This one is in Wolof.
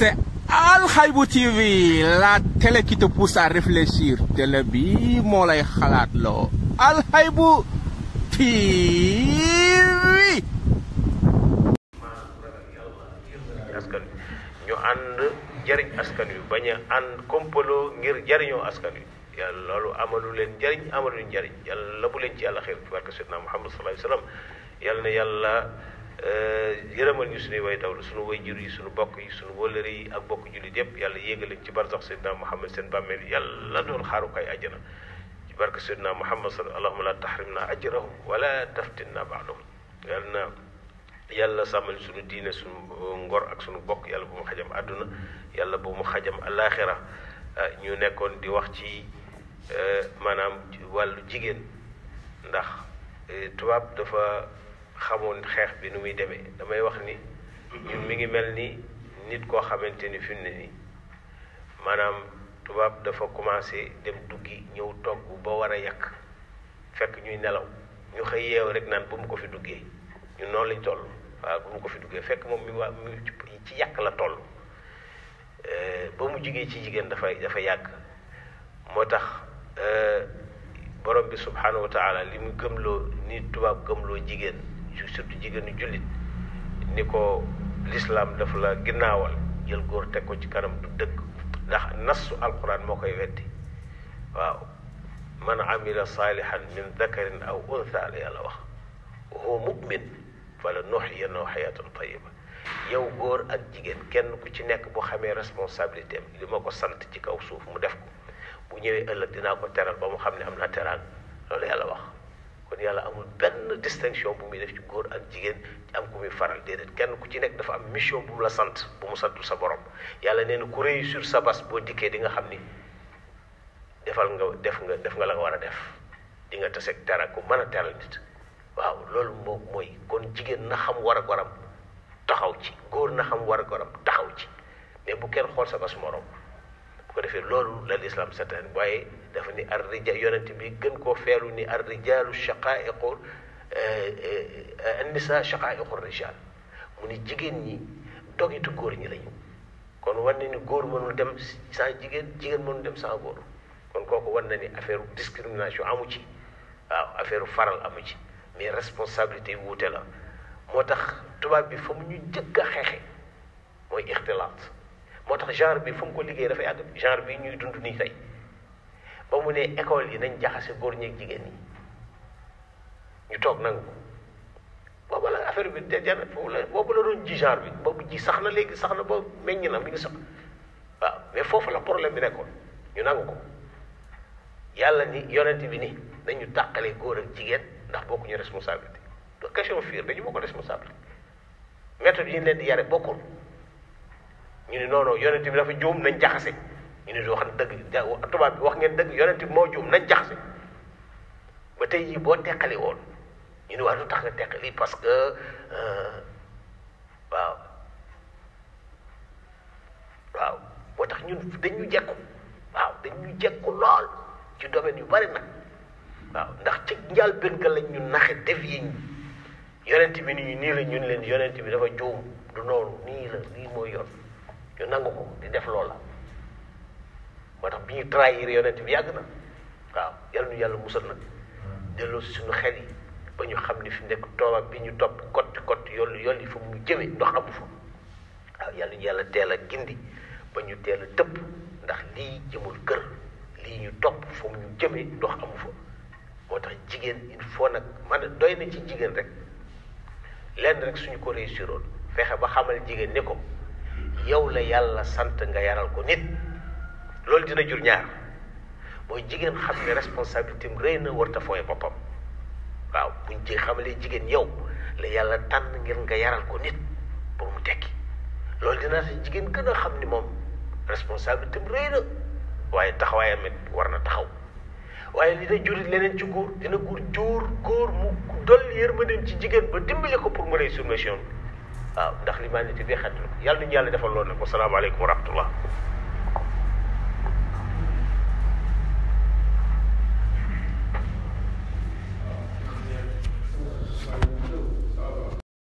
c'est Al Haïbou TV la télé qui te pousse à télé bi moo lay xalaat loo Al Haïbou TV. askan wi ñu ànd jëriñ askan wi bañ a ànd kompaloo ngir jëriñoo askan wi yàlla loolu amalu leen jëriñ amalu njëriñ yàlla bu leen ci yàlla xeer ci barke Seydina Muhammad sallallahu alayhi yàlla na yàlla. Euh, yërëmal ñu suñuy way daw suñu way jur yi suñu bokk yi suñu wëllëre yi ak bokk jullit yépp yàlla yéegal ci barsax seydina muhammad seen bàmmeel yàlla doon xaarukaay àjjana ci barke seydina muhammad sal allahuma la tahrimna ajrahu wala taftinna ba'dahu yàlla na yàlla sàmmal suñu diine suñu ngor ak sunu bokk yàlla bu mu xajam àdduna yàlla bu mu xajam alaaxira ñu nekkoon di wax ci euh, maanaam wàllu jigéen ndax euh, tubaab dafa xamoon xeex bi nu muy demee damay wax ni ñun mi ngi mel ni nit koo xamante ni fi mu ne nii maanaam tubaab dafa commencé dem duggi ñëw togg ba war a yàq fekk ñuy nelaw ñu xëy yeew rek naan bu mu ko fi duggee ñun noonu lañ toll waaw bu mu ko fi duggee fekk moom mi waa ci yàq la toll euh, ba mu jugee ci jigéen dafay dafa yàgg moo tax euh, borom bi subhanahu wa li mu gëmloo ni tubaab gëmloo jigéen surtout jigéenu jullit ni ko lislaam dafa la ginnaawal jël góor teg ko ci karam du dëkk ndax nasu alquran moo koy weddi waaw man amila saalihan min dakarin aw untha la yàlla wax wa huwa mu'min fala nuxyannoo xayaatan tayiba yow góor ak jigéen kenn ku ci nekk bu xamee responsabilité am li ma ko sant ci kaw suuf mu def ko bu ñëwee ëllëg dinaa ko teral ba mu xam ne am naa teraan loolu yàlla wax kon yàlla amul benn distinction bu muy def ci góor ak jigéen ci am ku muy faral déedéet kenn ku ci nekk dafa am mission bu mu la sant bu mu santul sa borom yàlla nee na ku réussir sa bas boo dikkee di nga xam ni defal nga def nga def nga la nga war a def di nga taseeg dara ku mën a teral nit waaw loolu moom mooy kon jigéen na xam war a goram taxaw ci góor na xam war a goram taxaw ci mais bu kenn xool sa bas morom bu ko defee loolu la lislaam seetaan waaye dafa ni ar rija bi gën koo feelu ni ar rijalu shaqaiqu eh, eh, annisa shaqaiqu rijal mu ni jigéen ñi dogitu góor ñi lañu kon war na ni góor mënul dem sans jigéen jigéen mënul dem sans góor kon kooku war na ni affaire discrimination amu ci waaw affaire faral amu ci mais responsabilité wuute la moo tax tubaab bi fa mu ñu jëkk a xeexe mooy ixtilaat moo tax genre bi fa mu ko liggéey dafay àgg genre bi ñuy dund nii tey ba mu ne école yi nañ jaxase góor ñeeg jigéen ñi ñu toog nangu ko boobu la affaire bi jafe foofu la boobu la doon ji genre bi boobu ji sax na léegi sax na ba meññ na mi ngi sax waaw mais foofu la problème bi nekkoon ñu nangu ko yàlla ni yonent bi ni nañu tàqale góor ak jigéen ndax bokkuñu responsabilité do question fiir dañu bokk responsabilité méthode yi ñu leen di yare bokkul ñu ne non non yonent bi dafa juum nañ jaxase. ñu ne wax dëgg tubaab bi wax ngeen dëgg yonent bi moo juum nañ jaxase ba tey jii boo teqali woon ñu ne waa lu tax nga teqali parce que euh, waaw waaw boo tax ñun dañu jekku waaw dañu jekku lool ci domaine yu bari nag waaw ndax ci njaal benn lañ ñu naxe def yi yonent bi nii nii la ñun leen yonent bi dafa juum du noonu nii la lii mooy yoon ñu nangu ko di def loola moo tax bi ñu trahir yonent bi yàgg na waaw yal na yàlla musal nag delloo suñu xel yi ba ñu xam ni fi nekk tooba bi ñu topp kot kot yoon yoon yi fa mu jëmee ndox amu fa waaw yal nañu yàlla teel a gindi ba ñu teel a tëpp ndax lii jëmul kër lii ñu topp fa mu jëmee ndox amu fa moo tax jigéen il faut nag man doy na ci jigéen rek lenn rek suñu ko réussiroon fexe ba xamal jigéen ne ko yow la yàlla sant nga yaral ko nit. loolu dina jur ñaar mooy jigéen xam ne responsabilité am rëy na warta fooye boppam waaw buñ ci xamalee jigéen yow la yàlla tànn ngir nga yaral ko nit pour mu tekki loolu dina tax jigéen gën a xam ni moom responsabilité am rëy na waaye taxawaayam it war na taxaw waaye li na jurit leneen ci góor dina góor jóor góor mu dolli yërmandeem ci jigéen ba dimbali ko pour ma rëy sur waaw ndax li maa nit yi dee xatul yàlla nañu yàlla defal loolu nag wasalaamaaleykum wa rahmatullah